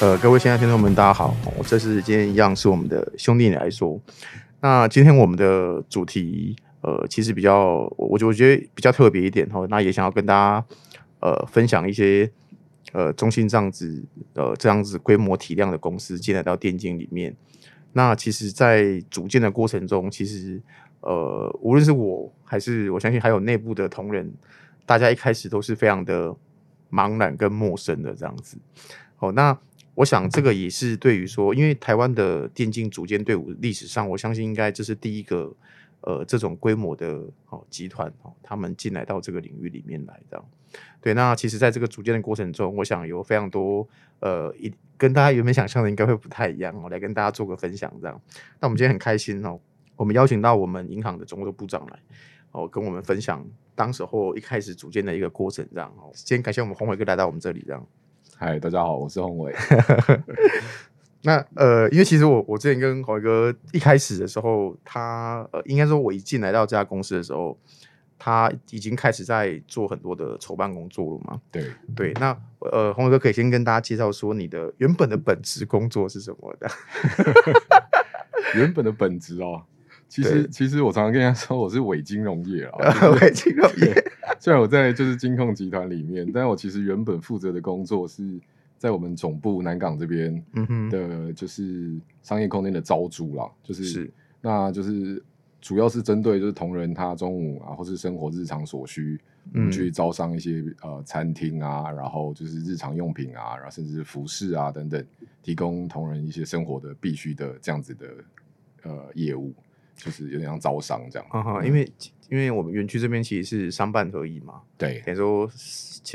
呃，各位親愛的聽眾們，大家好，我、哦、這是今天一樣是我們的兄弟你來說。那今天我們的主題，呃，其實比較我我我覺得比較特別一點哈、哦。那也想要跟大家呃分享一些呃中信這樣子呃這樣子規模體量的公司進來到電競裡面。那其實，在組建的過程中，其實。呃，無論是我還是我相信還有內部的同仁，大家一開始都是非常的茫然跟陌生的這樣子。哦，那我想這個也是對於說，因為台灣的電競組建隊伍歷史上，我相信應該這是第一個呃這種規模的哦集團哦，他們進來到這個領域裡面來的。對，那其實在這個組建的過程中，我想有非常多呃一跟大家原本想象的應該會不太一樣哦，來跟大家做個分享這樣。那我們今天很開心哦。我們邀請到我們銀行的總務部，部長來，哦，跟我們分享當時候一開始組建的一個過程，這樣，先感謝我們虹葦哥來到我們這裡，這樣。嗨，大家好，我是虹葦。 那呃，因為其實我我之前跟虹葦哥一開始的時候，他呃，應該說我一進來到這家公司的時候，他已經開始在做很多的籌辦工作了嘛。對對，那呃，虹葦哥可以先跟大家介紹說，你的原本的本職工作是什麼的？ 原本的本職哦。其實，對其實我常常跟人家說我是偽金融業啊，偽、就是、 金融業。 雖然我在就是金控集團裡面，但我其實原本負責的工作是在我們總部南港這邊的，就是商業空間的招租啦，嗯、哼就是，是那，就是主要是針對就是同仁他中午啊，或是生活日常所需，嗯、去招商一些呃餐廳啊，然後就是日常用品啊，然後甚至服飾啊等等，提供同仁一些生活的必須的這樣子的呃業務。就是有點像招商這樣，嗯、因為、嗯、因為我們園區這邊其實是商辦合一嘛，對，等於說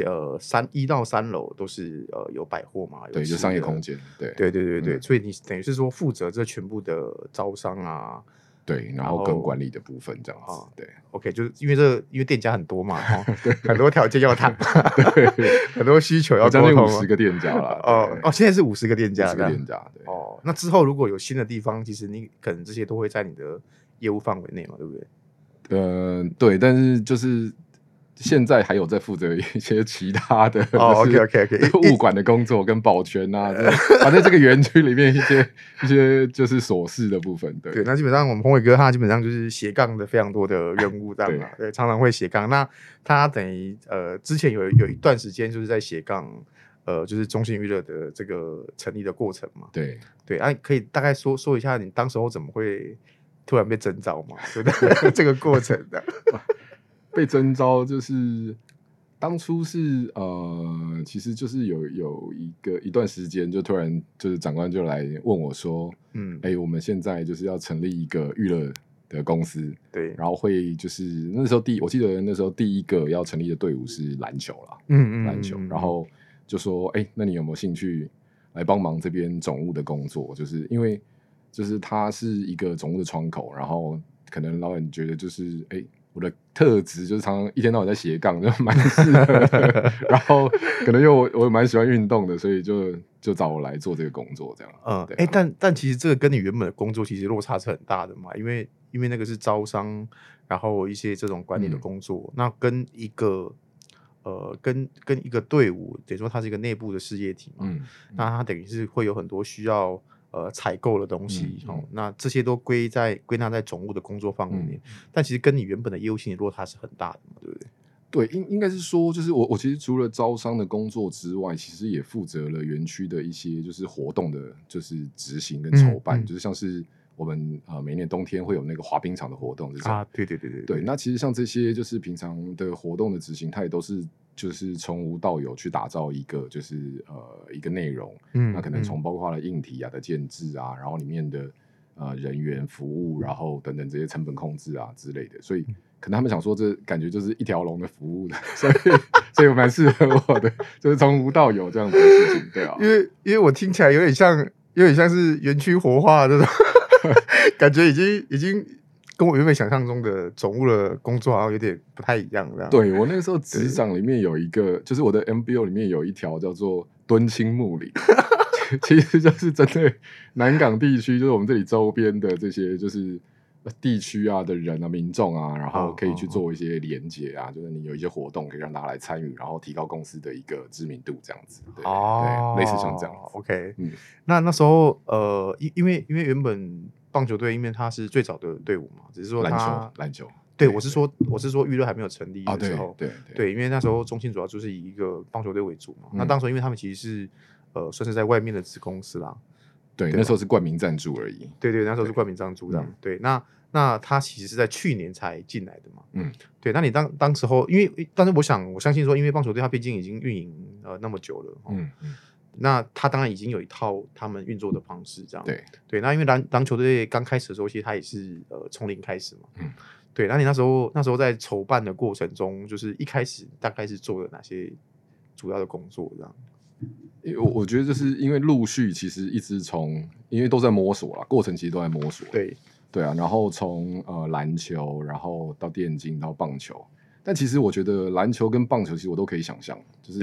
呃三一到三樓都是呃有百貨嘛對，對，有商業空間，對，對對對對，嗯、所以你等於是說負責這全部的招商啊。對，然後跟管理的部分後這樣子，哦、對，OK，就是因為這個，因為店家很多嘛，哦、 對，很多條件要談， 對，很多需求要溝通，將近五十個店家了，哦哦，現在是五十個店家，五十個店家，樣對，哦，那之後如果有新的地方，其實你可能這些都會在你的業務範圍內嘛，對不對？呃，對，但是就是。現在還有在負責一些其他的、oh,，OK OK OK，物管的工作跟保全啊，反正 's、啊、這個園區裡面一些 一些就是瑣事的部分。對，對那基本上我們虹葦哥他基本上就是斜槓的非常多的任務檔嘛、啊，對，對，常常會斜槓。那他等於呃，之前有有一段時間就是在斜槓，呃，就是中信娛樂的這個成立的過程嘛。對，對，那、啊、可以大概說說一下你當時候怎麼會突然被徵召嘛？ 這個過程的、啊。 被徵召就是當初是呃，其實就是有有一個一段時間，就突然就是長官就來問我說：“嗯，哎、欸，我們現在就是要成立一個娛樂的公司，對，然後會就是那時候第，我記得那時候第一個要成立的隊伍是籃球啦，嗯，嗯嗯，籃球，然後就說哎、欸，那你有沒有興趣來幫忙這邊總務的工作？就是因為就是它是一個總務的窗口，然後可能老闆覺得就是哎。欸”我的特質就是常常一天到晚在斜槓，就滿事。然後可能因為我我也蠻喜歡運動的，所以就就找我來做這個工作這樣。嗯，哎嗎、欸，但但其實這個跟你原本的工作其實落差是很大的嘛，因為因為那個是招商，然後一些這種管理的工作，嗯、那跟一個呃，跟跟一個隊伍，等於說它是一個內部的事業體嘛，嗯嗯、那它等於是會有很多需要。呃，採購的東西、嗯、哦，那這些都歸在歸納在總務的工作方面，嗯、但其實跟你原本的業務性的落差是很大的嘛，對不對？對，對應應該是說，就是我我其實除了招商的工作之外，其實也負責了園區的一些就是活動的，就是執行跟籌辦，嗯、就是像是。我們、呃、每年冬天會有那個滑冰場的活動啊，對對對對，那其實像這些就是平常的活動的執行，它也都是就是從無到有去打造一個就是呃一個內容，那可能從包括它的硬體啊的建置啊，然後裡面的呃人員服務，然後等等這些成本控制啊之類的，所以可能他們想說這感覺就是一條龍的服務的， 所以所以蠻適合我的，就是從無到有這樣子的事情，對啊，因為因為我聽起來有點像有點像是園區活化的這種。 感覺已經已經跟我原本想象中的總務的工作好像有點不太一樣了，這樣子。對我那時候職掌裡面有一個，對就是我的 MBO 裡面有一條叫做敦親“敦親睦鄰”，其實就是針對南港地區，就是我們這裡周邊的這些，就是。地區啊的人啊民眾啊，然後可以去做一些連接啊，就是你有一些活動可以讓大家來參與，然後提高公司的一個知名度，這樣子。哦，類似像這樣。哦、OK、嗯、那那時候呃，因因為因為原本棒球隊因為它是最早的隊伍嘛，只是說籃球，籃球。對，我是說我是說育樂還沒有成立的時候，對對對，因為那時候中信主要就是以一個棒球隊為主嘛。那當時因為他們其實是呃算是在外面的子公司啦。對，對吧，那時候是冠名贊助而已。對對，那時候是冠名贊助這樣。對，那那他其實是在去年才進來的嘛。嗯，對。那你當當時候，因為當時我想，我相信說，因為棒球隊他畢竟已經運營呃那麼久了，嗯嗯，那他當然已經有一套他們運作的方式這樣。嗯、對對，那因為籃籃球隊剛開始的時候，其實他也是呃從零開始嘛。嗯，對。那你那時候那時候在籌辦的過程中，就是一開始大概是做了哪些主要的工作這樣？因為我我覺得，就是因為陸續，其實一直從，因為都在摸索了，過程其實都在摸索，對對啊。然後從呃籃球，然後到電競，然後棒球。但其實我覺得籃球跟棒球，其實我都可以想象，就是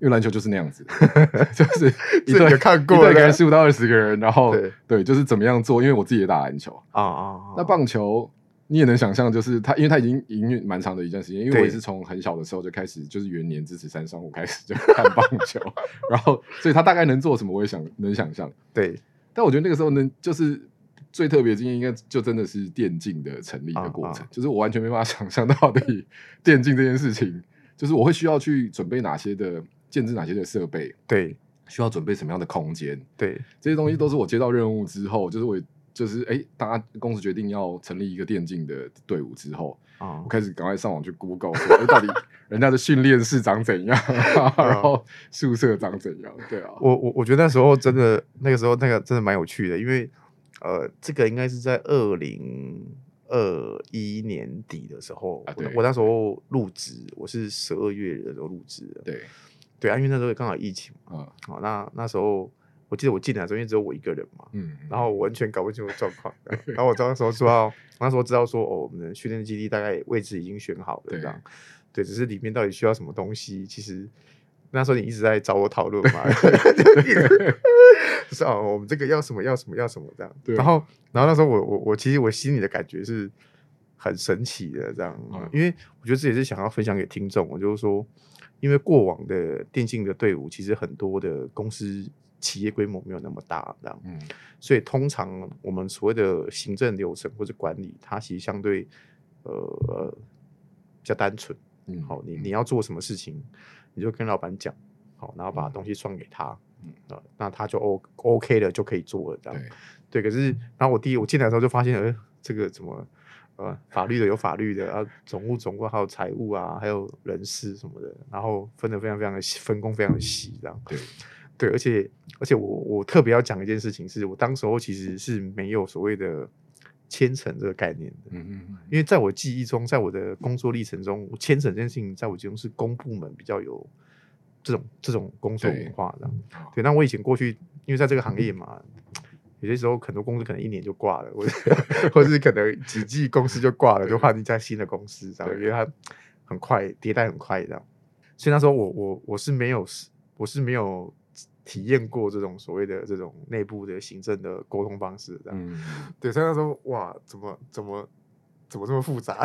因為籃球就是那樣子，對 就是一隊 看過一隊，十五到二十個人，然後對對，就是怎麼樣做。因為我自己也打籃球啊啊，哦哦哦那棒球。你也能想象，就是他，因為他已經營運蠻長的一段時間。因為我也是從很小的時候就開始，就是元年支持三商虎開始就看棒球， 然後，所以他大概能做什麼，我也想能想象。對。但我覺得那個時候能，就是最特別經驗，應該就真的是電競的成立的過程。啊啊。就是我完全沒辦法想象到底電競這件事情，就是我會需要去準備哪些的、建置哪些的設備。對。需要準備什麼樣的空間？對。這些東西都是我接到任務之後，就是我。就是哎，大家公司決定要成立一個電競的隊伍之後啊，嗯、我開始趕快上網去 Google，嗯、到底人家的訓練室長怎樣？嗯、然後宿舍長怎樣？對啊，我我我覺得那時候真的，嗯、那個時候那個真的蠻有趣的，因為呃，這個應該是在二零二一年底的時候。啊、對我我那時候入職，我是十二月的時候入職，對對、啊，因為那時候剛好疫情嗯。好、啊，那那時候。我記得我進來，中間只有我一個人嘛，嗯、然後我完全搞不清楚狀況。嗯、然後我那時候說到， 那時候知道說，哦，我們的訓練基地大概位置已經選好了這樣，嗯、對，只是裡面到底需要什麼東西，其實那時候你一直在找我討論嘛，是啊、哦，我們這個要什麼要什麼要什麼這樣。對然後，然後那時候我我我其實我心裡的感覺是很神奇的這樣，嗯、因為我覺得這也是想要分享給聽眾，我就是說，因為過往的電競的隊伍，其實很多的公司。企業規模沒有那麼大，這樣，嗯、所以通常我們所謂的行政流程或者管理，它其實相對呃，呃比較單純，好、嗯哦，你你要做什麼事情，你就跟老闆講，好、哦，然後把東西送給他、嗯嗯呃，那他就 O、OK、k 了就可以做了，這樣，對，對。可是，然後我第一我進來的時候就發現，呃，這個怎麼，呃，法律的有法律的，啊，總務總務還有財務啊，還有人事什麼的，然後分的非常非常的細，分工非常的細，嗯、這樣，對。對，而且而且我我特別要講一件事情是，是我當時候其實是沒有所謂的簽呈這個概念的，嗯嗯，因為在我記憶中，在我的工作歷程中，簽呈這件事情在我眼中是公部門比較有這種這種工作文化的對，對。那我以前過去，因為在這個行業嘛，有些時候很多公司可能一年就掛了，或者 或者可能幾季公司就掛了，就換一家新的公司對這樣，因為它很快迭代，很快這樣。所以那時候我我我是沒有，我是沒有。體驗過這種所謂的這種內部的行政的溝通方式，這樣對，所以他說：“哇，怎麼怎麼怎麼這麼複雜？”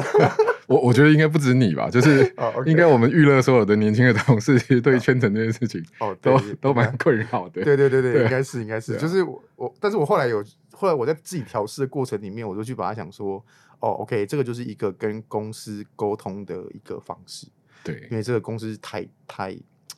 我我覺得應該不止你吧，就是應該我們育樂所有的年輕的同事其實對於簽呈這件事情、啊，哦，對都都蠻困擾的。啊、對對對對，應該是應該是，該是對，就是我，我，但是我後來有後來我在自己調試的過程裡面，我就去把它想說，哦，OK，這個就是一個跟公司溝通的一個方式，對，因為這個公司太太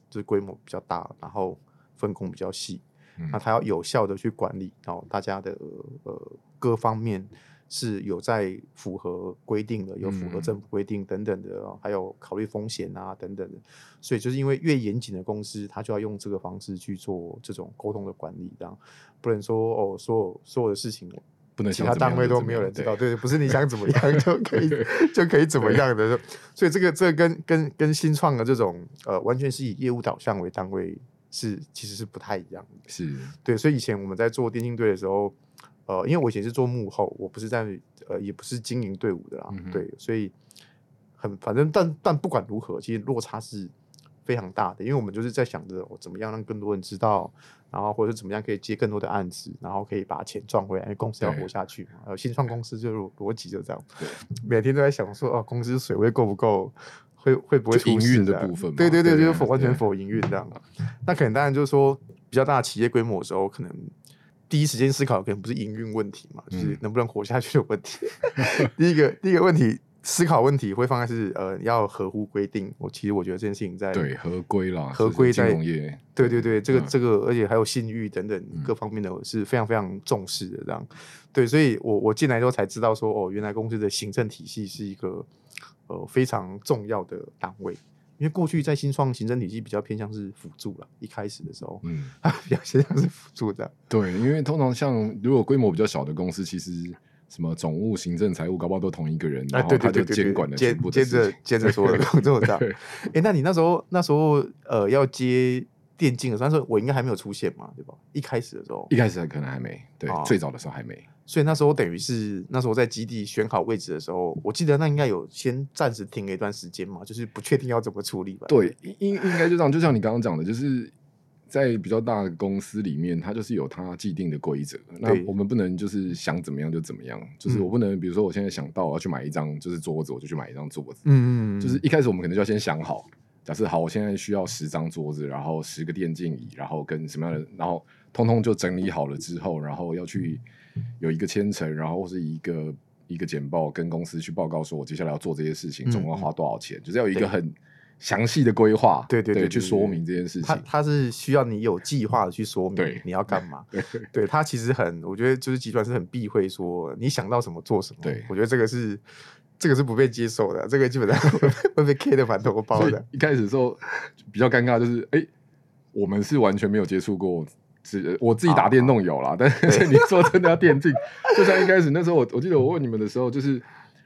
就是規模比較大，然後，分工比較細，嗯、那他要有效的去管理，然、哦、大家的呃各、呃、方面是有在符合規定的，有符合政府規定等等的，嗯嗯還有考慮風險啊等等的。所以就是因為越嚴謹的公司，他就要用這個方式去做這種溝通的管理，這樣不能說哦，所有所有的事情不能其他單位都沒有人知道，對,對，不是你想怎麼樣對就可以對 就可以怎麼樣的，對所以這個這個、跟跟跟新創的這種呃，完全是以業務導向為單位。是，其實是不太一樣的。是的對，所以以前我們在做電競隊的時候，呃，因為我以前是做幕後，我不是在呃，也不是經營隊伍的啦。嗯、哼對，所以很反正，但但不管如何，其實落差是非常大的。因為我們就是在想着我、哦、怎麼樣讓更多人知道，然後或者怎麼樣可以接更多的案子，然後可以把錢賺回來，公司要活下去嘛對、呃。新創公司就是邏輯就這樣，對每天都在想說哦，公司水位夠不夠。會會不會出、啊、營運的部分？對對對，就完全否營運這樣。對對對，那可能當然就是說，比較大的企業規模的時候，可能第一時間思考可能不是營運問題嘛，就是能不能活下去的問題。嗯、 第一個第一個問題思考問題會放在是呃要合乎規定。我其實我覺得這件事情在對合規了，合規在工業，對對對，這個這個、嗯、而且還有信譽等等各方面的，是非常非常重視的這樣。對，所以我我進來之後才知道說哦，原來公司的行政體系是一個。有、呃、非常重要的單位，因為過去在新創行政體系比較偏向是輔助了。一開始的時候，嗯，它比較偏向是輔助這樣。對，因為通常像如果規模比較小的公司，其實什麼總務、行政、財務，搞不好都同一個人，啊、然後他就監管的監、啊，接着監着做的工作上。哎，那你那時候那時候呃要接電競的時候，但是我應該還沒有出現嘛，對吧？一開始的時候，一開始還可能還沒，對，哦、最早的時候還沒。所以那時候等於是那時候在基地選好位置的時候，我記得那應該有先暫時停了一段時間嘛，就是不確定要怎麼處理吧。對，應應該就這樣，就像你剛剛講的，就是在比較大的公司裡面，它就是有它既定的規則。對那我們不能就是想怎麼樣就怎麼樣，就是我不能、嗯、比如說我現在想到我要去買一張就是桌子，我就去買一張桌子。嗯,嗯嗯。就是一開始我們可能就要先想好，假設好，我現在需要十張桌子，然後十個電競椅，然後跟什麼樣的，然後通通就整理好了之後，嗯、然後要去。有一個簽呈，然後是一個一個簡報，跟公司去報告，說我接下來要做這些事情，總共要花多少錢，就是要有一個很詳細的規劃，對對對，去說明這件事情。他是需要你有計劃的去說明你要幹嘛，對他其實很，我覺得就是集團是很避諱說你想到什麼做什麼，對，我覺得這個是這個是不被接受的，這個基本上會被 K 的滿頭包的。一開始的時候比較尷尬，就是哎，我們是完全沒有接觸過。只我自己打電動有啦，啊、但是你說真的要電競，欸、就像一開始那時候我，我 我記得我問你們的時候，就是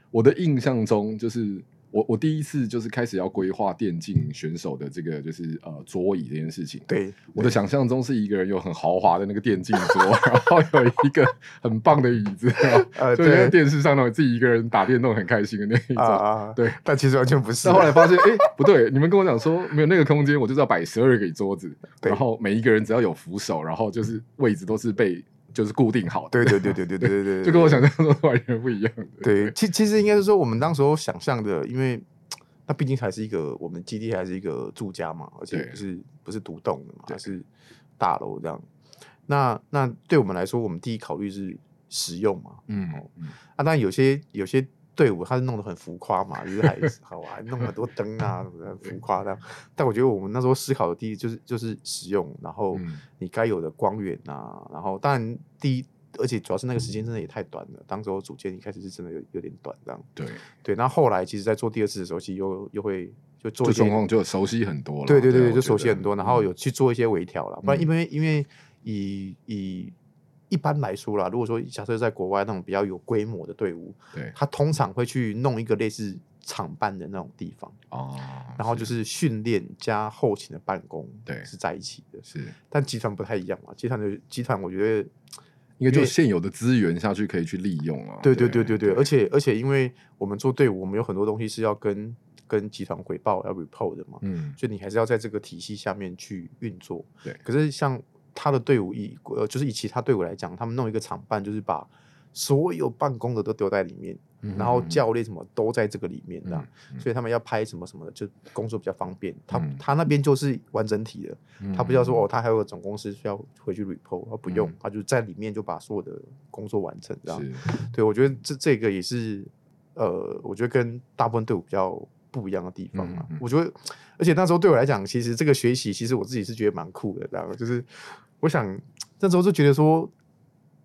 我的印象中就是。我我第一次就是開始要規劃電競選手的這個就是呃桌椅這件事情。對，對我的想象中是一個人有很豪華的那個電競桌， 然後有一個很棒的椅子，對。 就是在電視上有自己一個人打電動很開心的那一種、呃。對，對但其實完全不是。後來發現，哎、欸，不對，你們跟我講說沒有那個空間，我就是要擺十二個桌子，對然後每一個人只要有扶手，然後就是位置都是被。就是固定好的， 對對對對對對對對，對， 就跟我想象中完全不一樣。對對。對，其其實應該是說，我們當時候想象的，因為那畢竟還是一個我們基地，還是一個住家嘛，而且不是對不是獨棟的嘛，對還是大樓這樣。那那對我們來說，我們第一考慮是實用嘛，嗯嗯，嗯啊，當然有些有些。隊伍他是弄得很浮誇嘛，就是還好玩， 弄很多燈啊，浮誇的 但我覺得我們那時候思考的第一就是就是使用，然後你該有的光源啊，然後當然第一，而且主要是那個時間真的也太短了。嗯、當時我組建一開始是真的有有點短這樣。對對，那後,後來其實在做第二次的時候，其實又又會就做狀況就,就熟悉很多了。對對對對，對啊、就熟悉很多，然後有去做一些微調了，嗯、不然因為因為以以。以一般來說啦，如果說假設在國外那種比較有規模的隊伍，對，他通常會去弄一個類似廠辦的那種地方，哦、嗯，然後就是訓練加後勤的辦公，對，是在一起的，是。但集團不太一樣嘛，集團的集團，我覺得應該就現有的資源下去可以去利用啊。對對對對對，而且而且因為我們做隊伍，我們有很多東西是要跟跟集團回報要 report 的嘛，嗯，所以你還是要在這個體系下面去運作。對，可是像。他的隊伍以呃，就是以其他隊伍來講，他們弄一個廠辦，就是把所有辦公的都丟在裡面，嗯、然後教練什麼都在這個裡面，嗯、這樣，所以他們要拍什麼什麼的，就工作比較方便。嗯、他他那邊就是完整體的，嗯、他不要說哦，他還有個總公司需要回去 report，嗯、他不用，他就在裡面就把所有的工作完成這樣。是對，我覺得這這個也是呃，我覺得跟大部分隊伍比較不一樣的地方嘛。嗯、我覺得，而且那時候對我來講，其實這個學習，其實我自己是覺得蠻酷的，然後就是。我想那時候就覺得說，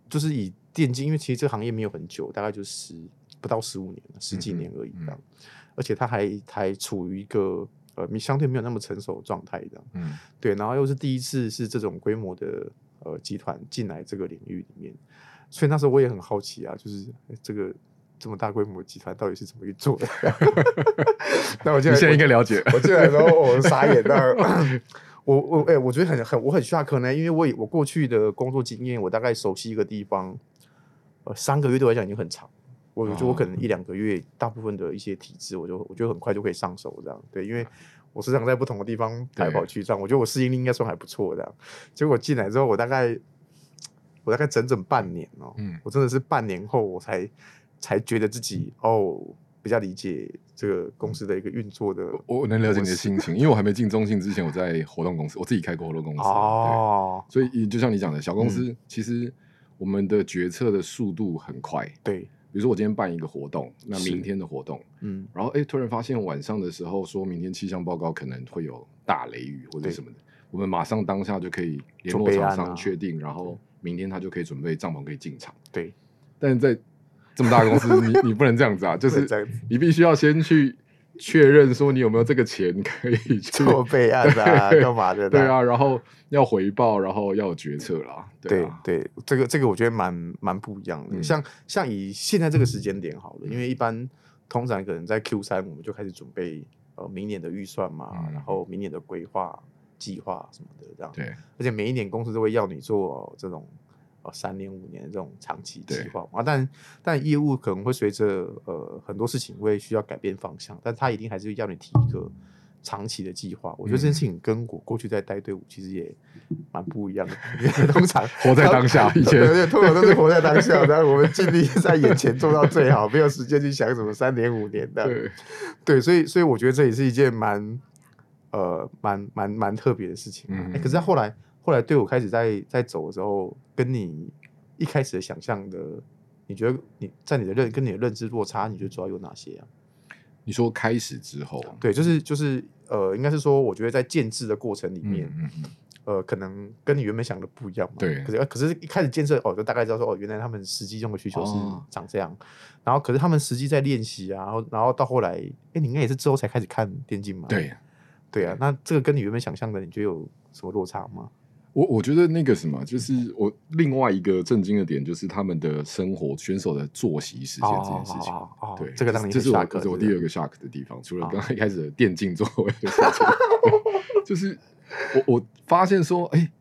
就是以電競，因為其實這行業沒有很久，大概就是 10, 不到十五年十幾年而已這樣，嗯、嗯、而且它還還處於一個呃相對沒有那麼成熟狀態的狀態這樣。嗯，對。然後又是第一次是這種規模的呃集團進來這個領域裡面，所以那時候我也很好奇啊，就是、欸、這個這麼大規模的集團到底是怎麼去做的？ 那我現在應該了解。我進來時我傻眼了。 我我哎、欸，我覺得很很，我很下課呢，可能因為我以我過去的工作經驗，我大概熟悉一個地方，呃，三個月對我來講已經很長。我覺得我可能一兩個月，大部分的一些體質我就我覺得很快就可以上手這樣。對，因為我時常在不同的地方來跑去，這樣，對我覺得我適應力應該算還不錯的。結果進來之後，我大概我大概整整半年哦、喔，嗯、我真的是半年後我才才覺得自己、嗯、哦。比較理解這個公司的一個運作的，我能了解你的心情， 因為我還沒進中信之前，我在活動公司，我自己開過活動公司哦，所以就像你講的小公司，嗯、其實我們的決策的速度很快，對，比如說我今天辦一個活動，那明天的活動，嗯，然後哎、欸，突然發現晚上的時候說明天氣象報告可能會有大雷雨或者什麼的，對我們馬上當下就可以聯絡廠商確定，啊、然後明天他就可以準備帳篷可以進場，對，但在。這麼大的公司，你你不能這樣子啊！ 就是你必須要先去確認說你有沒有這個錢可以去做備案幹嘛的？ 對、對啊，然後要回報，然後要有決策了決策啦。對、啊、對，對，這個這個我覺得蠻蠻不一樣的。嗯、像像以現在這個時間點好了，嗯、因為一般通常可能在 Q 三我們就開始準備呃明年的預算嘛，嗯、然後明年的規劃計劃什麼的這樣。對，而且每一年公司都會要你做、呃、這種。哦，三年五年的這種長期計劃嘛對、啊、但但業務可能會隨着呃很多事情會需要改變方向，但他一定還是要你提一個長期的計劃。嗯、我覺得這件事情跟我過去在帶隊伍其實也蠻不一樣的， 因為通常活在當下，以前對，通常都是活在當下，但 我們盡力在眼前做到最好，沒有時間去想什麼三年五年的，對，對，所以所以我覺得這也是一件蠻呃蠻蠻蠻特別的事情、嗯欸。可是後來。後來隊伍開始在在走的時候，跟你一開始的想象的，你覺得你在你的認跟你的認知落差，你覺得主要有哪些啊？你說開始之後，對，就是就是呃，應該是說，我覺得在建制的過程裡面，嗯嗯嗯呃，可能跟你原本想的不一樣嘛。對，可是、呃、可是一開始建設，哦，就大概知道說，哦，原來他們實際中的需求是長這樣，哦、然後可是他們實際在練習啊，然後然後到後來，哎、欸，你應該也是之後才開始看電競嘛？對，對啊，那這個跟你原本想象的，你覺得有什麼落差嗎？我我覺得那個什麼，就是我另外一個震驚的點，就是他們的生活選手的作息時間這件事情。對，這個讓你嚇。就是就是、我是我第二個 shock 的，oh，的地方，除了剛剛一開始的電競座位的 shock 就是我我發現說，哎、欸，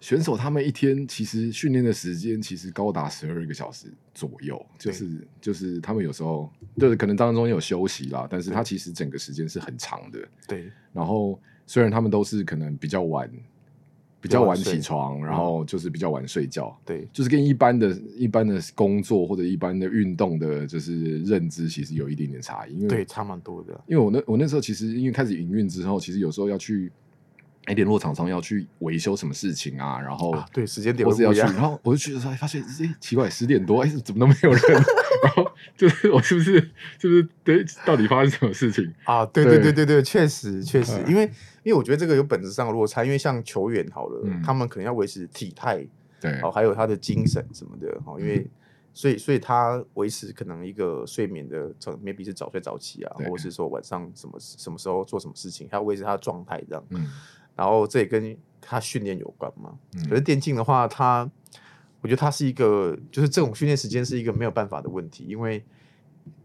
選手他們一天其實訓練的時間其實高達十二個小時左右，就是對就是他們有時候對可能當中有休息啦，但是他其實整個時間是很長的。對。然後雖然他們都是可能比較晚。比較晚起床，然後就是比較晚睡覺，對、嗯，就是跟一般的一般的工作或者一般的運動的，就是認知其實有一點點差異，因為對差蠻多的。因為我那我那時候其實因為開始營運之後，其實有時候要去聯絡廠商，要去維修什麼事情啊，然後對時間點我只要去，啊、然後我就去的時候發現哎，奇怪，十點多哎、欸、怎麼都沒有人？ 然後就是我是不是就是哎，到底發生什麼事情啊？對對對對對，確實確實、呃、因為。因為我覺得這個有本質上的落差，因為像球員好了，嗯、他們可能要維持體態，對，哦，還有他的精神什麼的，嗯、因為所以所以他維持可能一個睡眠的，maybe 是早睡早起啊，對或者是說晚上什麼什麼時候做什麼事情，還要維持他的狀態這樣，嗯、然後這也跟他訓練有關嘛，嗯、可是電競的話，他我覺得他是一個，就是這種訓練時間是一個沒有辦法的問題，因為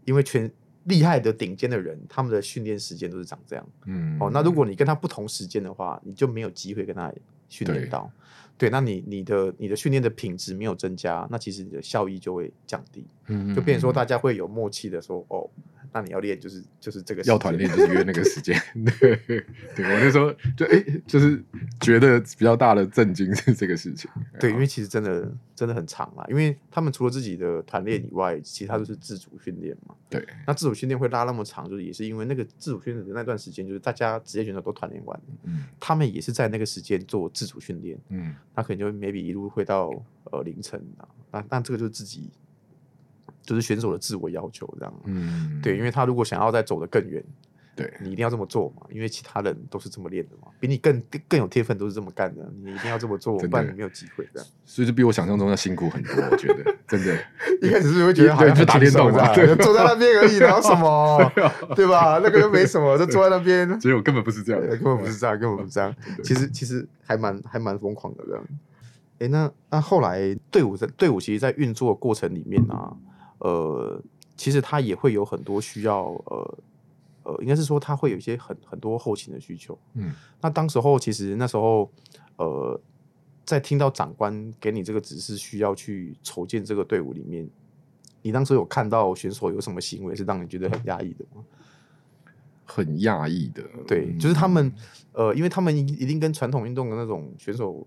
因為全。厲害的頂尖的人，他們的訓練時間都是長這樣。嗯，哦，那如果你跟他不同時間的話，你就沒有機會跟他訓練到。對，對，那你你的你的訓練的品質沒有增加，那其實你的效益就會降低。嗯，就變成說大家會有默契的說、嗯、哦。那你要練就是就是這個要團練就是約那個時間， 對，我那時候就誒，就是覺得比較大的震驚是這個事情，對，後因為其實真的真的很長啊，因為他們除了自己的團練以外，嗯、其他都是自主訓練嘛，對、嗯。那自主訓練會拉那麼長，就是也是因為那個自主訓練的那段時間，就是大家職業選手都團練完，嗯、他們也是在那個時間做自主訓練，嗯，那可能就 maybe 一路會到呃凌晨那那這個就是自己。就是選手的自我要求這樣，嗯，對，因為他如果想要再走得更遠，對，你一定要這麼做嘛，因為其他人都是這麼練的嘛，比你更更有天分都是這麼幹的，你一定要這麼做，不然你沒有機會這樣。所以就比我想象中要辛苦很多，我覺得真的。一開始是會覺得，好像就打電動，對，坐在那邊而已，然後什麼，對吧？那個又沒什麼，就坐在那邊。所以我根本不是這樣，根本不是這樣，根本不是這樣。其實其實還蠻還蠻瘋狂的這樣。哎，那那後來隊伍在隊伍其實，在運作過程裡面啊。呃，其實他也會有很多需要，呃呃，應該是說他會有一些很很多後勤的需求。嗯，那當時候其實那時候，呃，在聽到長官給你這個指示，需要去籌建這個隊伍裡面，你當時有看到選手有什麼行為是讓你覺得很壓抑的嗎？很壓抑的，對，就是他們，呃，因為他們一定跟傳統運動的那種選手。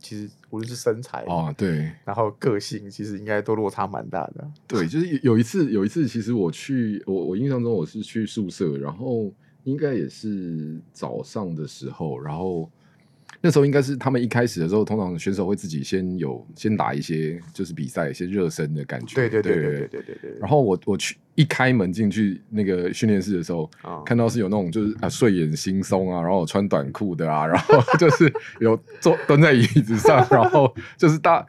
其實無論是身材啊，對，然後個性，其實應該都落差蠻大的。對，就是有一次，有一次，其實我去，我我印象中我是去宿舍，然後應該也是早上的時候，然後。那時候應該是他們一開始的時候，通常選手會自己先有先打一些就是比賽，一些熱身的感覺。對對對對對對對，對，對。然後我我去一開門進去那個訓練室的時候，嗯、看到是有那種就是啊睡眼惺忪啊，然後穿短褲的啊，然後就是有坐 蹲在椅子上，然後就是大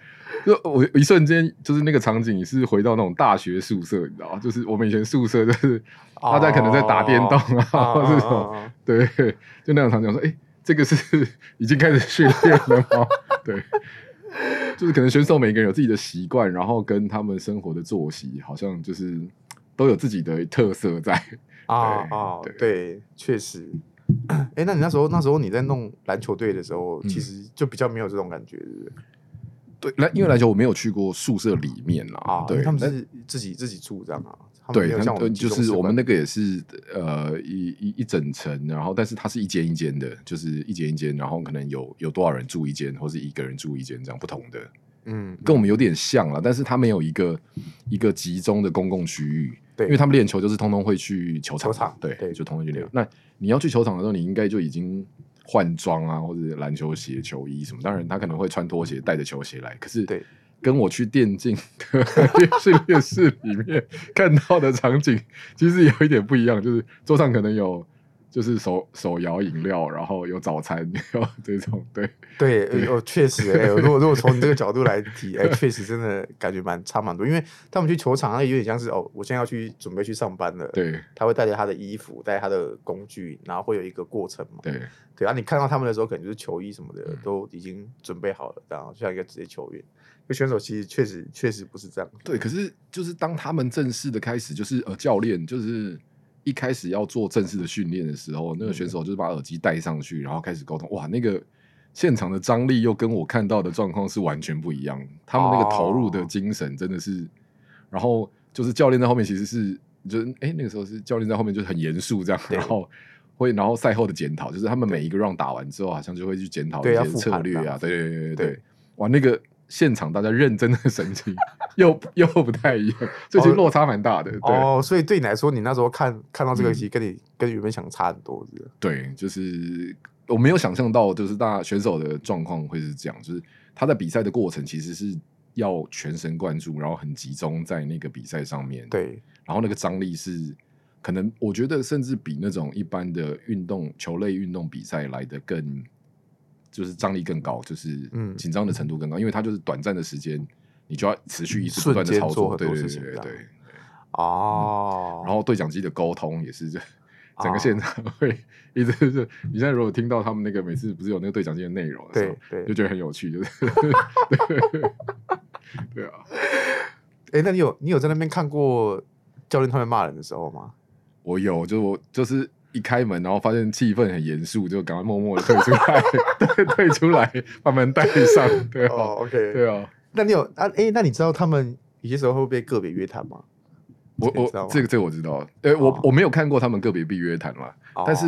就是、我一瞬間就是那個場景是回到那種大學宿舍，你知道嗎？就是我們以前宿舍就是大家、哦啊、可能在打電動啊這種、嗯嗯嗯嗯，對，就那種場景我說哎。欸這個是已經開始訓練了嗎？ 對，就是可能選手每個人有自己的習慣，然後跟他們生活的作息，好像就是都有自己的特色在。啊啊，哦哦、對，對，確實。哎，那你那時候 那時候你在弄籃球隊的時候，其實就比較沒有這種感覺。嗯、對，籃因為籃球我沒有去過宿舍裡面啊，哦、對，他們是自己但自己住這樣啊。對，就是我們那個也是呃一一一整層，然後但是它是一間一間的，就是一間一間，然後可能有有多少人住一間，或是一個人住一間這樣不同的，嗯，嗯跟我們有點像了，但是它沒有一個一個集中的公共區域，對，因為他們練球就是通通會去球場，球場。對，對，對就通通去練。對。那你要去球場的時候，你應該就已經換裝啊，或者籃球鞋、球衣什麼，當然他可能會穿拖鞋，帶着球鞋來，可是對。跟我去電競訓練室裡面看到的場景其實有一點不一樣，就是桌上可能有就是手手搖飲料，然後有早餐，然後這種對對,對、欸、哦，確實、欸、如果如果從你這個角度來提哎，確、欸、實真的感覺蠻 差蠻多，因為他們去球場那有點像是哦，我現在要去準備去上班了，對，他會帶着他的衣服，帶著他的工具，然後會有一個過程嘛，對對啊，你看到他們的時候，可能就是球衣什麼的都已經準備好了，然後就像一個職業球員。選手其實確實確實不是這樣。對，可是就是當他們正式的開始，就是呃，教練就是一開始要做正式的訓練的時候，那個選手就是把耳機戴上去，然後開始溝通。哇，那個現場的張力又跟我看到的狀況是完全不一樣。他們那個投入的精神真的是，哦、然後就是教練在後面其實是，就是哎、欸，那個時候是教練在後面就很嚴肅這樣，對，然後會然後賽後的檢討，就是他們每一個 round 打完之後，好像就會去檢討一些策略啊，對對對，對對對，對，哇，那個。現場大家認真的神情，又 又不太一樣，最近落差蠻大的。對哦，所以對你來說，你那時候看看到這個戲，跟你、嗯、跟原本想差很多是不是？對，就是我沒有想象到，就是大家選手的狀況會是這樣，就是他在比賽的過程其實是要全神貫注，然後很集中在那個比賽上面。對，然後那個張力是可能，我覺得甚至比那種一般的運動球類運動比賽來得更。就是張力更高，就是緊張的程度更高，嗯、因為它就是短暫的時間，你就要持續一直不斷的操作，對對對對，哦、嗯，然後對講機的溝通也是這、哦、整個現場會一直是，你現在如果聽到他們那個每次不是有那個對講機的內容的時候對，對對，就覺得很有趣，就是，對啊，哎、欸，那你有你有在那邊看過教練他們罵人的時候嗎？我有，就是我就是。一開門，然後發現氣氛很嚴肅，就趕快默默的退出來， 對，退出來，把門帶上，對啊、喔 oh,，OK，對啊、喔。那你有啊？哎、欸，那你知道他們有些時候會不會個別約談嗎？我我知道這個這個我知道，哎，我、哦、我沒有看過他們個別必約談嘛。哦、但是，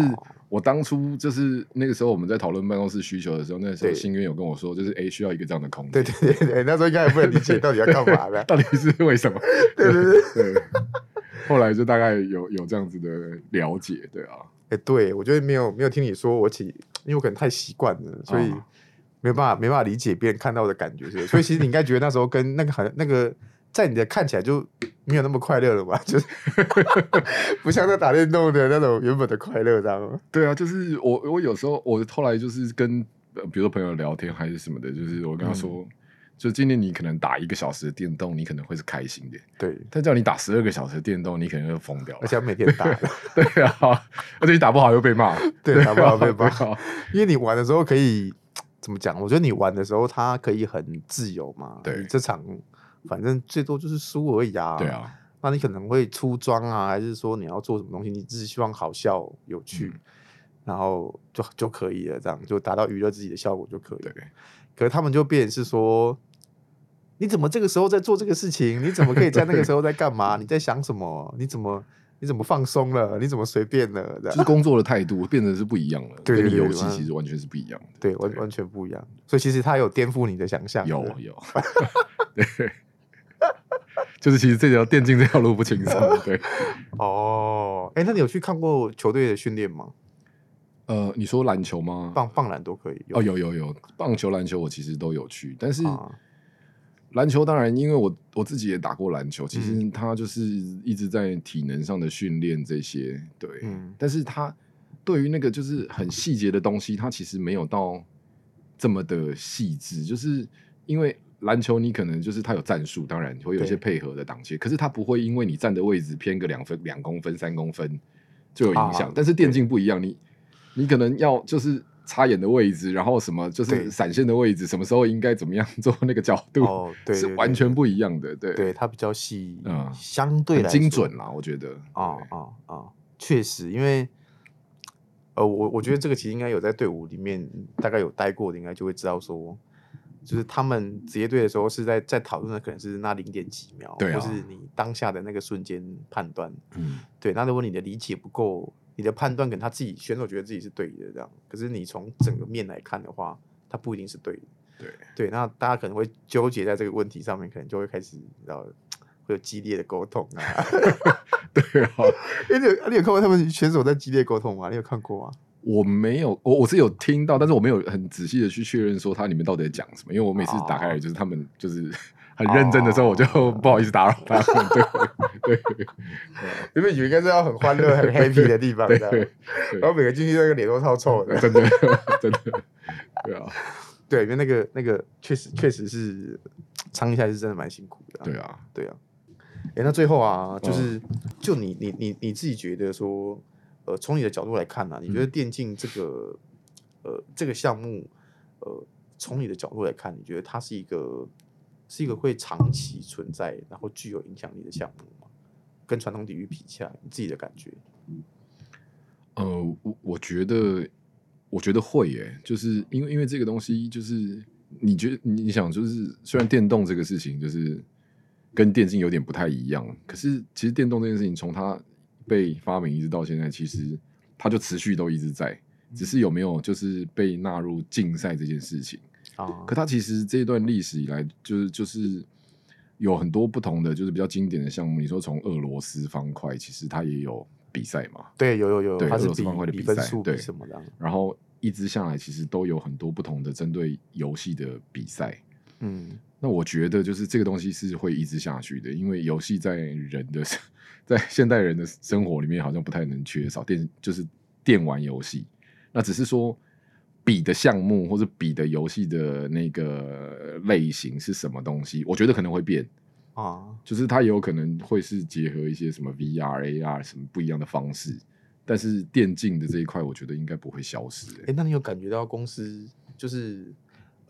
我當初就是那個時候我們在討論辦公室需求的時候，哦、那時候新院有跟我說，就是哎、欸、需要一個這樣的空間。對對對,對、欸，那時候應該也不能理解到底要幹嘛對對對，到底是為什麼？ 對,對對對。 後來就大概有有這樣子的了解，對啊。哎、欸，對，我覺得沒有沒有聽你說，我起因為我可能太習慣了，所以沒辦法沒辦法理解別人看到我的感覺的，所以其實你應該覺得那時候跟那個好像 那個在你的看起來就沒有那麼快樂了吧？就是 不像在打電動的那種原本的快樂，知道嗎？對啊，就是我我有時候我後來就是跟比如說朋友聊天還是什麼的，就是我跟他說。嗯就今天你可能打一個小時的電動，你可能會是開心的。對。他叫你打十二個小時的電動，你可能會瘋掉。而且每天打。對啊。而且你打不好又被罵。對，打不好被罵。因為你玩的時候可以怎麼講？我覺得你玩的時候，它可以很自由嘛。對。這場反正最多就是輸而已啊。對啊。那你可能會出裝啊，還是說你要做什麼東西？你自己希望好笑有趣，然後就就可以了，這樣就達到娛樂自己的效果就可以了。可是他們就變是說。你怎麼這個時候在做這個事情？你怎麼可以在那個時候在幹嘛？ 對 你在想什麼？你怎麼你怎麼放鬆了？你怎麼隨便了？就是工作的態度變得是不一樣了， 跟遊戲其實完全是不一樣的。對，對，對，對，完對完全不一樣。所以其實他有顛覆你的想象。有有， 對，就是其實這條電競這條路不輕鬆。對， 哦，哎、欸，那你有去看過球隊的訓練嗎？呃，你說籃球嗎？棒棒籃都可以。哦，有有有，棒球籃球我其實都有去，但是。啊籃球當然，因為我我自己也打過籃球，其實他就是一直在體能上的訓練這些，對。嗯、但是他對於那個就是很細節的東西，他其實沒有到這麼的細緻。就是因為籃球，你可能就是他有戰術，當然你會有一些配合的檔期，對可是他不會因為你站的位置偏個兩分，兩公分、三公分就有影響。啊、但是電競不一樣，對你你可能要就是。插眼的位置，然後什麼就是閃現的位置，對什麼時候應該怎麼樣做那個角度，哦、對對對對，是完全不一樣的。對，對，它比較細，嗯，相對來、嗯、精準啦，我覺得。啊啊啊！確實，因為，呃，我我覺得這個其實應該有在隊伍裡面、嗯、大概有待過的，應該就會知道說。就是他們職業隊的時候，是在在討論的，可能是那零點幾秒，就、啊、是你當下的那個瞬間判斷。嗯、對。那如果你的理解不夠，你的判斷可能他自己選手覺得自己是對的，這樣。可是你從整個面來看的話，他不一定是對的。對對，那大家可能會糾結在這個問題上面，可能就會開始，然後會有激烈的溝通啊。 對啊， 你有你有看過他們選手在激烈溝通嗎？你有看過啊？我沒有，我我是有聽到，但是我沒有很仔細的去確認說它裡面到底在講什麼，因為我每次打開來就是他們就是很認真的時候，我就不好意思打擾他。對對、啊，因為有一應該是要很歡樂、很 happy 的地方，對對然後每個進去都那個臉都超臭的，真的真的對啊， 對，因為那個那個確實確實是唱一下是真的蠻辛苦的、啊，對啊對啊。哎、啊欸，那最後啊，就是、oh. 就你你你你自己覺得說。呃，從你的角度來看呢，啊，你覺得電競這個呃這個項目呃，從你的角度來看，你覺得它是一個是一個會長期存在然後具有影響力的項目嗎？跟傳統體育比起來，你自己的感覺？嗯，呃，我我覺得我覺得會，欸，耶，就是因為因為這個東西，就是你覺得你想，就是雖然電動這個事情就是跟電競有點不太一樣，可是其實電動這件事情從它被發明一直到現在，其實它就持續都一直在，只是有沒有就是被納入競賽這件事情、嗯、可它其實這段歷史以來，就是就是有很多不同的就是比較經典的項目。你說從俄羅斯方塊，其實它也有比賽嘛？對，有有有，它對是比俄羅斯方塊的比賽比分數什麼的。然後一直下來，其實都有很多不同的針對遊戲的比賽。嗯。那我覺得就是這個東西是會一直下去的，因為遊戲在人的在現代人的生活裡面好像不太能缺少電，就是電玩遊戲。那只是說比的項目或者比的遊戲的那個類型是什麼東西，我覺得可能會變啊，就是它也有可能會是結合一些什麼 V R A R 什麼不一樣的方式。但是電競的這一塊，我覺得應該不會消失、欸。誒，那你有感覺到公司就是？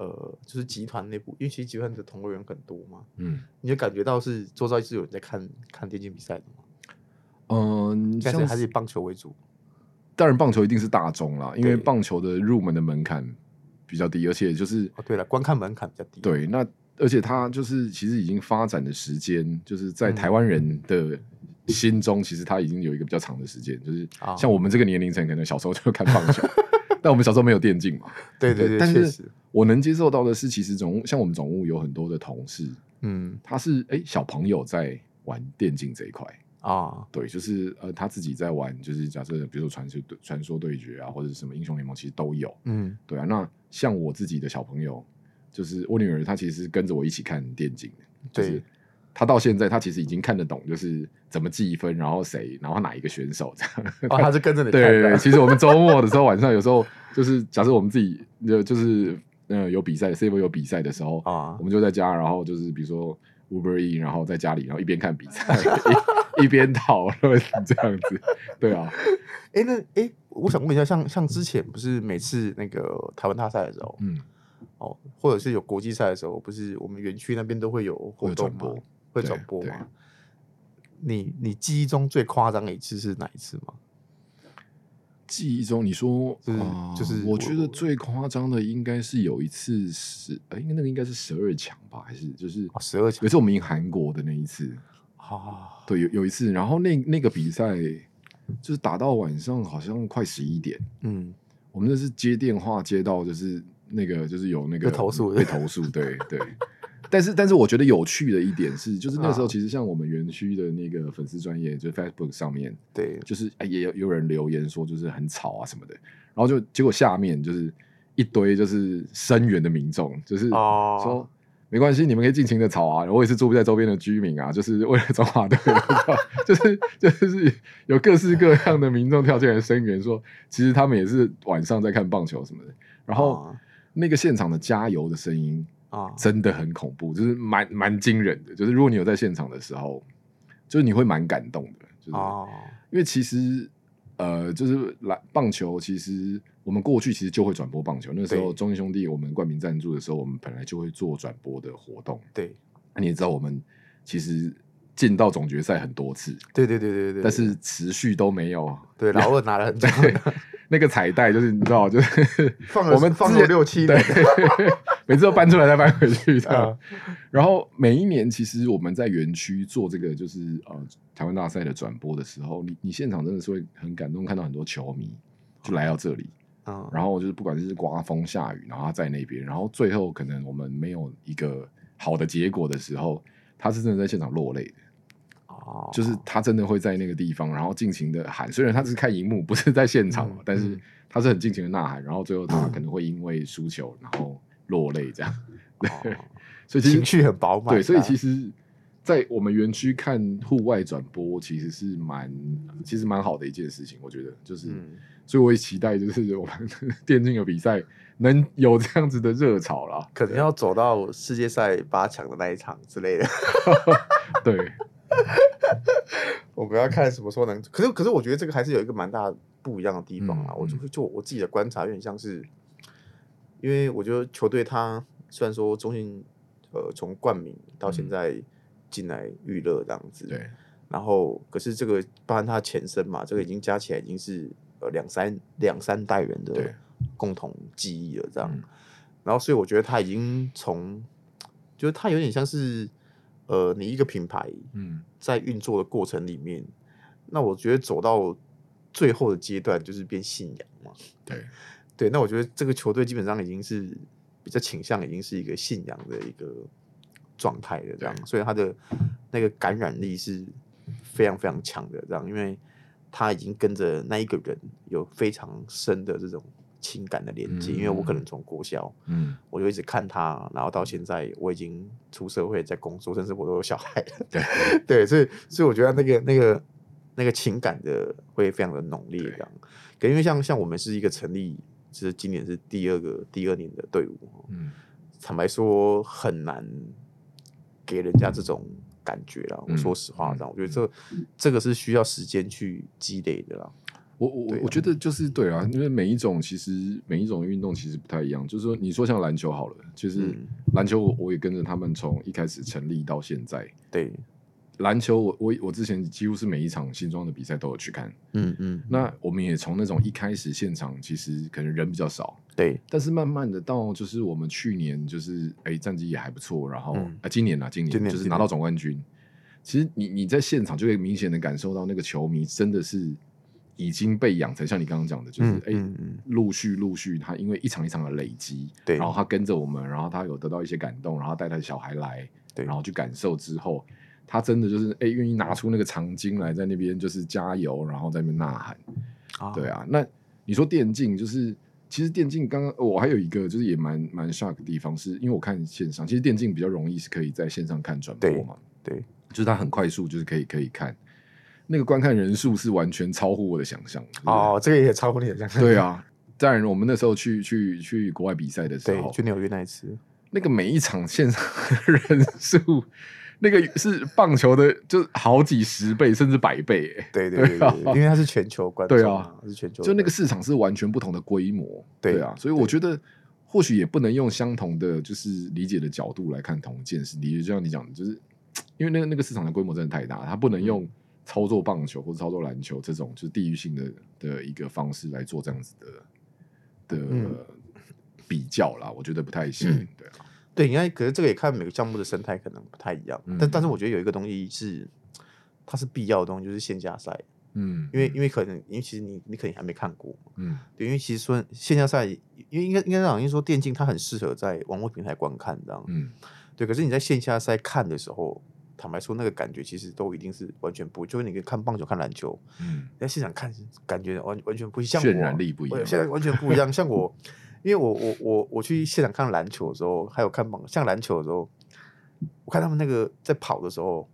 呃，就是集團內部，因為其實集團的同路人很多嘛。嗯，你就感覺到是周遭一直有人在看看電競比賽嗎？嗯，但是還是以棒球為主。嗯、當然，棒球一定是大眾啦，對因為棒球的入門的門檻比較低，而且就是、哦、對了，觀看門檻比較低。對，那而且他就是其實已經發展的時間，就是在台灣人的心中，嗯、其實他已經有一個比較長的時間，就是像我們這個年齡層，可能小時候就看棒球、哦。 但我們小時候沒有電競嘛，對對對，確實 對，但是我能接受到的是，其實總務，像我們總務有很多的同事，嗯，他是哎、欸、小朋友在玩電競這一塊啊，對，就是呃他自己在玩，就是假設比如說傳說傳說對決啊，或者什麼英雄聯盟，其實都有，嗯，對啊。那像我自己的小朋友，就是我女兒，她其實是跟着我一起看電競，就是、對。他到現在，他其實已經看得懂，就是怎麼計分，然後誰，然後哪一個選手這樣。哦、他是跟着你。 對，對，對，其實我們周末的時候 晚上有時候就是，假設我們自己就是呃有比賽 c f 有比賽的時候啊，我們就在家，然後就是比如說 Uber E，然後在家裡，然後一邊看比賽， 一邊討論這樣子。對啊。哎、欸，那哎、欸，我想問一下，像像之前不是每次那個台灣大賽的時候，嗯，哦，或者是有國際賽的時候，不是我們園區那邊都會有活動播。會轉播嗎？你你記憶中最誇張的一次是哪一次嗎？記憶中你說是、啊、就是我覺得最誇張的應該是有一次是，欸、應該那個應該是十二強吧，還是就是十二強？哦、強有一次我們贏韓國的那一次、哦、對有，有一次，然後那那個比賽就是打到晚上，好像快十一點，嗯，我們那次接電話接到就是那個就是有那個會投訴被投訴，對對。 但是，但是我覺得有趣的一點是，就是那時候其實像我們園區的那個粉絲專頁，就是、Facebook 上面，對，就是也有有人留言說，就是很吵啊什麼的，然後就結果下面就是一堆就是聲援的民眾，就是說、oh. 沒關係，你們可以盡情的吵啊，我也是住在周邊的居民啊，就是為了中華隊， 就是就是有各式各樣的民眾跳進來聲援說，說其實他們也是晚上在看棒球什麼的，然後那個現場的加油的聲音。Oh. 真的很恐怖，就是蠻蠻驚人的，就是如果你有在現場的時候，就是你會蠻感動的，就是、oh. 因為其實呃，就是棒球，其實我們過去其實就會轉播棒球，那時候中信兄弟我們冠名贊助的時候，我們本來就會做轉播的活動。對，啊，你也知道我們其實進到總決賽很多次，對，對對對對對，但是持續都沒有。對，老二拿了很那個綵帶，就是你知道，就是 了我們放了六七年對。 每次都搬出來再搬回去的，然後每一年其實我們在園區做這個就是呃台灣大賽的轉播的時候，你你現場真的是會很感動，看到很多球迷就來到這裡，然後就是不管是刮風下雨，然後他在那邊，然後最後可能我們沒有一個好的結果的時候，他是真的在現場落淚的，就是他真的會在那個地方，然後盡情的喊，雖然他是看熒幕，不是在現場，但是他是很盡情的吶喊，然後最後他可能會因為輸球，然後。.落淚這樣，對，所以、哦、情緒很飽滿。對，所以其實，在我們園區看戶外轉播，其實是蠻，嗯、其實蠻好的一件事情。我覺得，就是，嗯、所以我也期待，就是我們電競的比賽能有這樣子的熱潮啦。可能要走到世界賽八強的那一場之類的。 對， 我們要看什麼時候能。可是，可是，我覺得這個還是有一個蠻大不一樣的地方啊。嗯、我就就我自己的觀察，有點像是。因為我覺得球隊他雖然說中信呃，從冠名到現在進來育樂這樣子，嗯、然後可是這個包含他前身嘛，這個已經加起來已經是呃兩三兩三代人的共同記憶了這樣，嗯、然後所以我覺得他已經從，就是他有點像是呃，你一個品牌，嗯，在運作的過程裡面，嗯、那我覺得走到最後的階段就是變信仰嘛，對。對，那我覺得這個球隊基本上已經是比較傾向，已經是一個信仰的一個狀態的這樣，所以他的那個感染力是非常非常強的這樣，因為他已經跟着那一個人有非常深的這種情感的連接，嗯、因為我可能從國小，嗯，我就一直看他，然後到現在我已經出社會在工作，甚至我都有小孩了，對，對，對，所以所以我覺得那個那個那個情感的會非常的濃烈，這樣，可對因為像像我們是一個成立，其實今年是第二個第二年的隊伍，嗯，坦白說很難給人家這種感覺啦。嗯、我說實話，這樣我覺得這、嗯、這個是需要時間去積累的啦。我我啦我覺得就是對啊，因為每一種其實每一種運動其實不太一樣。就是說，你說像籃球好了，其、就、實、是、籃球我我也跟着他們從一開始成立到現在，嗯、對。籃球我，我我我之前幾乎是每一場新莊的比賽都有去看。嗯嗯。嗯那我們也從那種一開始現場，其實可能人比較少。對。但是慢慢的到就是我們去年就是哎、欸、戰績也還不錯，然後啊、嗯欸、今年啊今年，今年就是拿到總冠軍。年其實你你在現場就會明顯的感受到那個球迷真的是已經被養成，像你剛剛講的，就是哎陸續陸續他因為一場一場的累積，對。然後他跟着我們，然後他有得到一些感動，然後帶他的小孩來，對，然後去感受之後。他真的就是欸，願意拿出那個長巾來在那邊就是加油，然後在那邊吶喊，啊對啊。那你說電競就是，其實電競剛剛我還有一個就是也蠻蠻 shock 的地方是，是因為我看線上，其實電競比較容易是可以在線上看轉播嘛，對，對就是它很快速，就是可以可以看。那個觀看人數是完全超乎我的想象。哦，這個也超乎你的想象，對啊。當然，我們那時候去去去國外比賽的時候，去紐約那一次，那個每一場線上的人數。 那個是棒球的，就好幾十倍甚至百倍，欸。對對對對，對啊，因為它是全球觀眾，對啊，是全球。就那個市場是完全不同的規模，對啊，對啊，所以我覺得或許也不能用相同的就是理解的角度來看同件事。例如，就像你講的，就是因為那個那個市場的規模真的太大，它不能用操作棒球或者操作籃球這種就是地域性的的一個方式來做這樣子的的比較啦，我覺得不太行，嗯、對啊。對，應該，可是這個也看每個項目的生態可能不太一樣，但、嗯、但是我覺得有一個東西是，它是必要的東西，就是線下賽，嗯，因為因為可能因為其實你你可能還沒看過，嗯，對，因為其實說線下賽，因為應該應該好像說電競它很適合在網絡平台觀看這樣，嗯，對，可是你在線下賽看的時候，坦白說那個感覺其實都一定是完全不，就是你跟看棒球、看籃球，嗯，在現場看感覺完完全不一樣，渲染力不一樣，現在完全不一樣，像我。 因為我我我我去現場看籃球的時候，還有看網像籃球的時候，我看他們那個在跑的時候，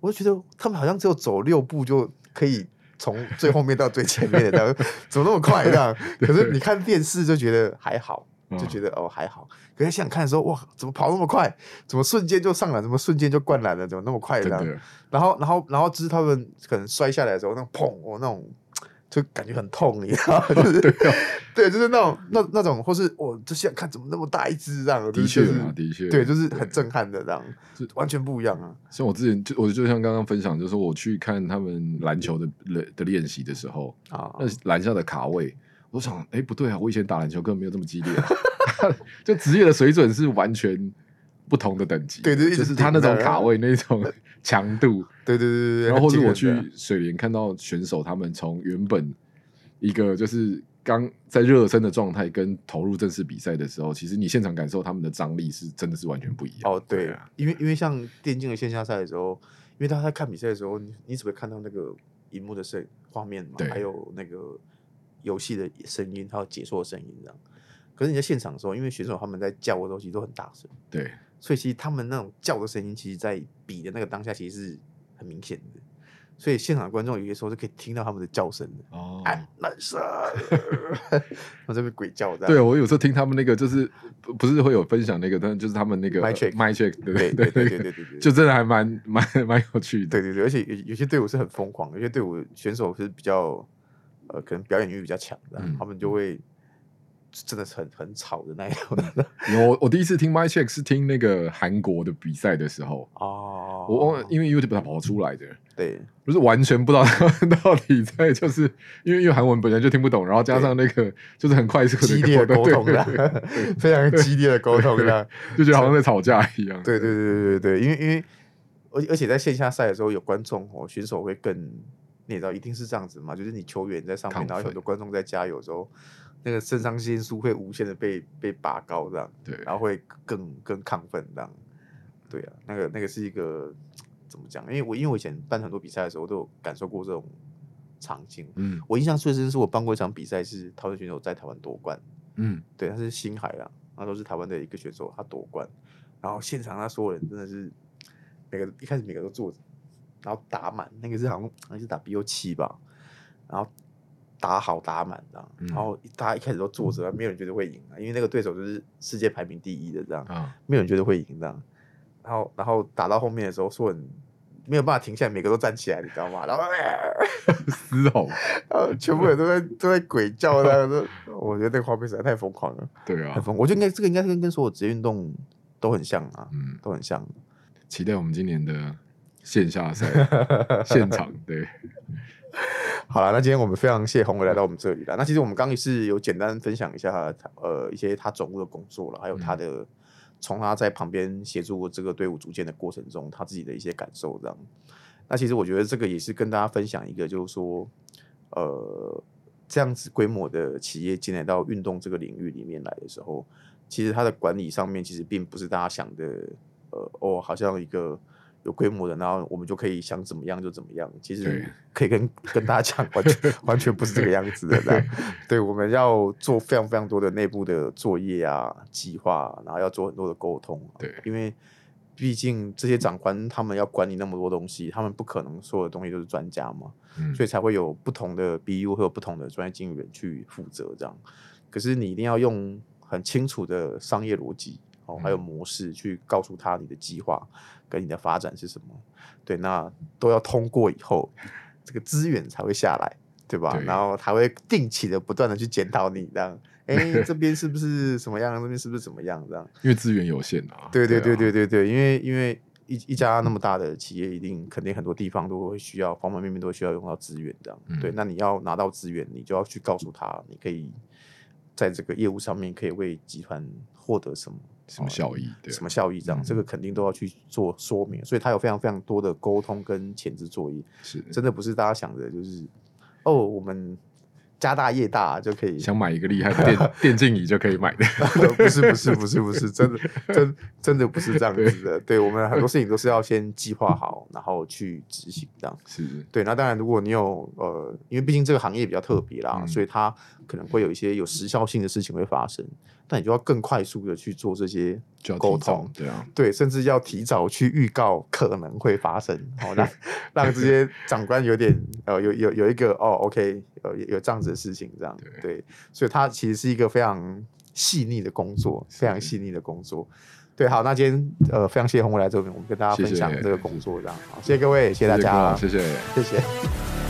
我就覺得他們好像只有走六步就可以從最後面到最前面的， 怎麼那麼快、啊？這樣？可是你看電視就覺得還好， 就覺得、嗯、哦還好。可是現場看的時候，哇，怎麼跑那麼快？怎麼瞬間就上籃？怎麼瞬間就灌籃了？怎麼那麼快、啊對對然？然後然後然後就是他們可能摔下來的時候，那種砰哦那種。就感覺很痛一樣，就是 對,、哦、對，就是那種那那種，或是我就想看怎麼那麼大一只這樣，的確的確、啊，的確對，就是很震撼的這樣，是完全不一樣啊。像我之前就我就像剛剛分享，就是說我去看他們籃球的的練習的時候啊，哦、那籃下的卡位，我想哎、欸、不對啊，我以前打籃球根本沒有這麼激烈、啊， 就職業的水準是完全不同的等級的，對，就是、就是他那種卡位那種。 強度，對對對對對。然後或者我去水蓮看到選手他們從原本一個就是剛在熱身的狀態，跟投入正式比賽的時候，其實你現場感受他們的張力是真的是完全不一樣。哦，對，因為、啊、因為像電競的線下賽的時候，因為大家在看比賽的時候，你你只會看到那個熒幕的聲畫面嘛，對還有那個遊戲的聲音，還有解說的聲音這樣。可是你在現場的時候，因為選手他們在叫的東西都很大聲，對。所以其實他們那種叫的聲音，其實，在比的那個當下，其實是很明顯的。所以現場觀眾有些時候是可以聽到他們的叫聲的。哦，難受，我這邊鬼叫的。對，我有時候聽他們那個，就是不是會有分享那個，但就是他們那個 m c h e c m c h e c 對對對對對對， 就真的還蠻蠻蠻有趣。對對對，而且有些隊伍是很瘋狂的，有些隊伍選手是比較呃，可能表演慾比較強，嗯、他們就會。真的很很吵的那種，我我第一次聽 My Check 是聽那個韓國的比賽的時候，哦，我因為 YouTube 它跑出來的，對，不是完全不知道到底在就是因為因為韓文本來就聽不懂，然後加上那個就是很快速激烈的溝通的，非常激烈的溝通的，就覺得好像在吵架一樣。對對對對對，因為因為而而且在線下賽的時候有觀眾哦，選手會更，你知道一定是這樣子嘛，就是你球員在上面，然後有很多觀眾在加油的時候。那個腎上腺素會無限的被被拔高這樣，對，對然後會更更亢奮這樣，對啊，那個那個是一個怎麼講？因為我因為我以前辦很多比賽的時候，我都有感受過這種場景。嗯，我印象最深是我辦過一場比賽，是台灣選手在台灣奪冠。嗯，對，他是星海啊，那都是台灣的一個選手，他奪冠，然後現場，那所有人真的是每個一開始每個都坐着，然後打滿，那個是好像好像是打 BO 七吧，然後。打好打滿這樣，然後大家一開始都坐着，沒有人覺得會贏啊，因為那個對手就是世界排名第一的這樣，沒有人覺得會贏的然後，然後打到後面的時候，說你沒有辦法停下來，每個都站起來，你知道嗎？然後嘶吼，然後全部人都在都在鬼叫，這樣我覺得這個畫面實在太瘋狂了，對啊，太瘋狂，我覺得應該這個應該跟跟所有職業運動都很像啊，嗯，都很像。期待我們今年的線下賽現場，對。 好啦，那今天我們非常謝虹葦來到我們這裡了。嗯、那其實我們剛也是有簡單分享一下呃一些他總務的工作了，還有他的、嗯、從他在旁邊協助過這個隊伍組建的過程中，他自己的一些感受這樣。那其實我覺得這個也是跟大家分享一個，就是說呃這樣子規模的企業進來到運動這個領域裡面來的時候，其實他的管理上面其實並不是大家想的呃哦好像一個。有規模的，然後我們就可以想怎麼樣就怎麼樣。其實可以跟對跟大家講，完全 完全不是這個樣子的。對，對，我們要做非常非常多的內部的作業啊、計劃，然後要做很多的溝通。對因為畢竟這些長官他們要管理那麼多東西，他們不可能所有東西都是專家嘛，嗯、所以才會有不同的 BU 和不同的專業經理人去負責這樣。可是你一定要用很清楚的商業邏輯。哦，還有模式去告訴他你的計劃跟你的發展是什麼，對，那都要通過以後，這個資源才會下來，對吧？對耶然後他會定期的不斷的去檢討你這樣，哎、欸，這邊是不是什麼樣？ 這邊是不是怎麼樣？這樣，因為資源有限啊。對對對對對對，對啊、因為因為一一家那麼大的企業，一定肯定很多地方都會需要，方方面面都需要用到資源這樣。嗯、對，那你要拿到資源，你就要去告訴他，你可以在這個業務上面可以為集團，獲得什麼什麼效益？對，什麼效益？這樣，這個肯定都要去做說明。所以，他有非常非常多的溝通跟前置作業，是真的不是大家想着就是哦，我們家大業大就可以想買一個厲害的電電競椅就可以買的，不是，不是，不是，不是，真的，真真的不是這樣子的。對，我們很多事情都是要先計劃好，然後去執行。這樣是，對。那當然，如果你有呃，因為畢竟這個行業比較特別啦，所以它可能會有一些有時效性的事情會發生。那你就要更快速的去做這些溝通，對啊，對，甚至要提早去預告可能會發生，好、 哦，讓讓這些長官有點、呃、有有有一個哦，OK，有，有這樣子的事情這樣，對，對，所以它其實是一個非常細膩的工作，是非常細膩的工作，對，好，那今天呃非常謝謝虹葦來這邊，我們跟大家分享這個工作這樣，謝謝，好，謝謝各位，謝謝大家，謝謝，謝，謝，謝謝，謝謝。